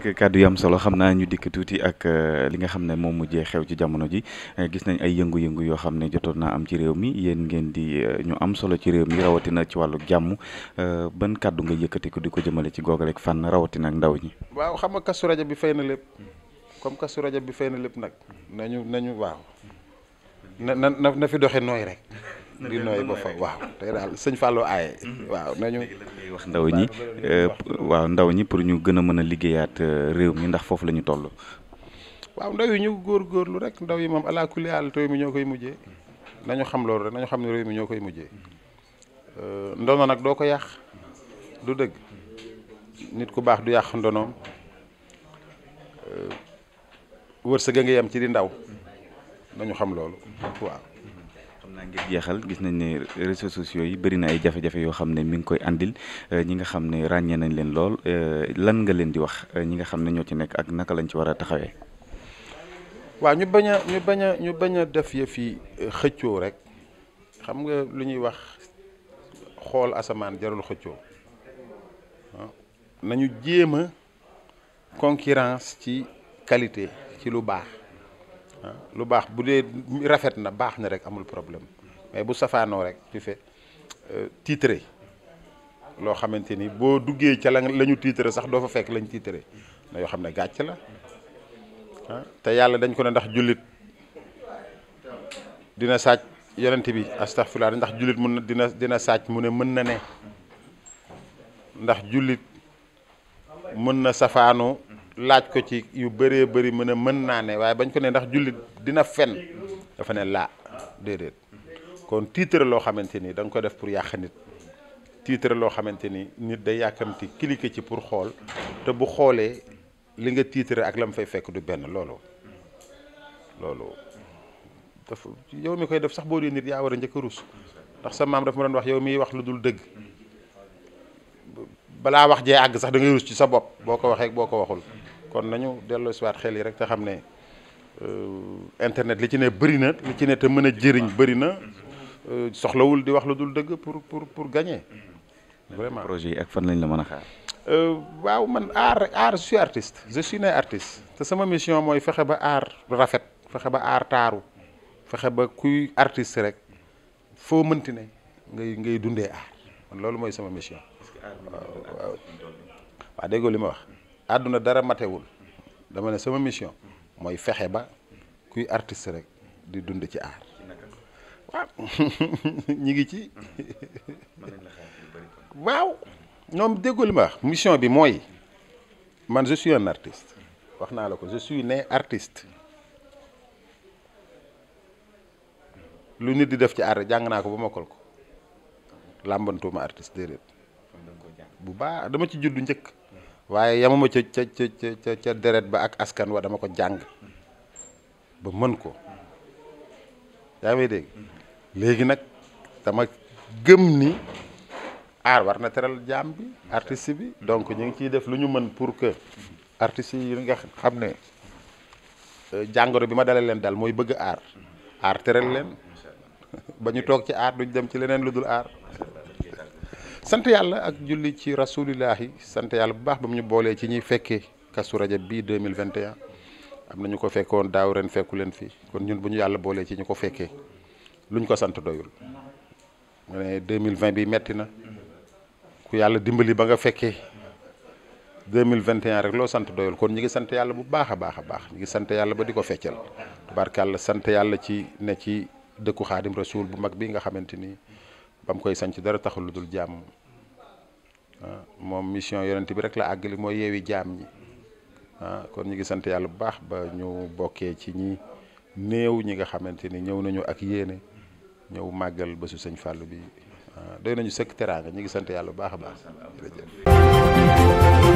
nekk kàddu yu am solo xam naa ñu dikk tuuti ak euh, li nga xam ne moom mujjee xew ci jamono ji euh, gis nañ ay yëngu-yëngu yoo xam ne jotoon naa am ci réew mi yéen ngeen di euh, ñu am solo ci réew mi rawatina ci wàllu jàmm ban kàddu nga yëkkati ko di ko jëmale ci googu rek fànn rawatina ak ndaw ñi. waaw xama nga kasu rajo bi fay na lépp comme kasu rajo bi fay na lépp nag nañu nañu waaw na na na fi doxe nooy rek. di nooy ba fa waaw tey daal sëñ Fallou aaye mhm. waaw nañu wax ndaw ñi euh, ndaw ñi pour ñu gën a mën a liggéeyaat euh, réew mi ndax foofu la ñu toll waaw ndaw yi ñu góorgóorlu rek ndaw yi moom ala kulli àll réew mi ñoo koy mujjee nañu xam loolu rek nañu xam ne réew mi ñoo koy mujjee euh, ndono nag doo ko yàq du dëgg nit ku baax du yàq ndonoom wërsëg a nga yem ci di ndaw nañu xam loolu waaw naa ngir jeexal gis nañ ne réseaux sociaux yi bëri na ay jafe-jafe yoo xam ne mi ngi koy andil euh, ñi nga xam ne ràññee nañ leen lool euh, lan nga leen di wax euh, ñi nga xam ne ñoo ci nekk ak naka lañ ci war a taxawee. waa ñu bañ a ñu bañ a ñu bañ a def yëf yi xëccoo rek xam nga lu ñuy wax xool asamaan jarul xëccoo ah, nañu jéem a concurrence ci qualité ci lu baax. lu baax bu dee rafet na baax na rek amul problème mais bu safaanoo rek tu fais euh, loo xamante ni boo duggee ca la la ñu titré sax doo fa fekk lañ titré na yoo xam ne gàcc la ah, te yàlla dañ ko ne ndax jullit dina sàcc yonent bi astaghfirullah ndax jullit mun na dina dina sàcc mu ne mën na ne ndax jullit mën na safaanoo laaj ko ci yu bëree bëri mën a mën naa ne waaye bañ ko nee ndax jullit dina fen dafa ne laa déedéet kon titre loo xamante ni da nga ko def pour yàq nit titre loo xamante ni nit day yàkkamti kilika ci pour xool te bu xoolee li nga titre ak la mu fay fekk du benn loolu loolu dafa yow mi koy def sax boo dee nit yaa war a njëkk rus ndax sa maam dafa ma doon wax yow miy wax lu dul dëgg balaa wax jee àgg sax da rus ci sa bopp boo ko waxee boo ko waxul kon nañu delloo siwaat xel yi rek te xam ne euh, internet li ci ne bëri na li ci ne te mën a jëriñ bëri na euh, soxlawul di wax la dul dëgg pour pour pour gagner vraiment projet yi ak fan lañ la mën a xaar. Euh, waaw man aar aar je suis artiste je suis te sama mission mooy fexe ba aar rafet fexe ba aar taaru fexe ba kuy artiste rek foo mënti ne ngay ngay dundee aar man loolu mooy sama mission. waaw waaw déggoo li ma wax. àdduna dara matewul dama ne sama mission mooy fexe ba kuy artiste rek di dund ci aar ah, ñi ngi ci waaw ñoom déggul ma mission bi mooy man je un artiste wax naa la ko je suis né lu nit di def ci aar jàng naa ko ba mokkal ko làmbantuma artiste déedéet bu baax dama ci juddu njëkk waaye yamuma ca ca ca ca deret ba ak askan wa dama ko jàng ba mën ko yaa ngi dégg léegi nag dama gëm ni aar war na teral jaam bi artiste bi donc ñu ngi ciy def lu ñu mën pour que artistes yi nga xam ne euh, jàngoro bi ma dalee leen dal mooy bëgg aar aar teral leen ba ñu toog ci aar duñ dem ci leneen lu dul aar sant yàlla ak julli ci rasulillahi sant yàlla bu baax ba mu ñu boolee ci ñuy fekkee kasu rajab bii 2021 am na ñu ko fekkoon daaw ren fekku leen fi kon ñun bu ñu yàlla boolee ci ñu ko fekkee luñ ko sant doyul mu ne 2020 bi metti na yàlla dimbali ba nga fekkee 2021 rek loo sant doyul kon ñu ngi sant yàlla bu baax a baax a baax ñu ngi sant yàlla ba di ko feccal tubaarkàlla sant yàlla ci ne ci dëkku xaadim rasul bu mag bi nga xamante ni ba mu koy sanc dara taxul lu dul jàmm ah, moom mission yonent bi rek la àggali mooy yeewi jaam ñi ah kon ñu ngi sant yàlla bu baax ba ñu bokkee ci ñi néew ñi nga xamante ni ñëw nañu ak yéene ñëw màggal bésu sëñ fàll bi ah, doy nañu sëkk teraanga ñu ngi sant yàlla bu baax a baax jërëjëf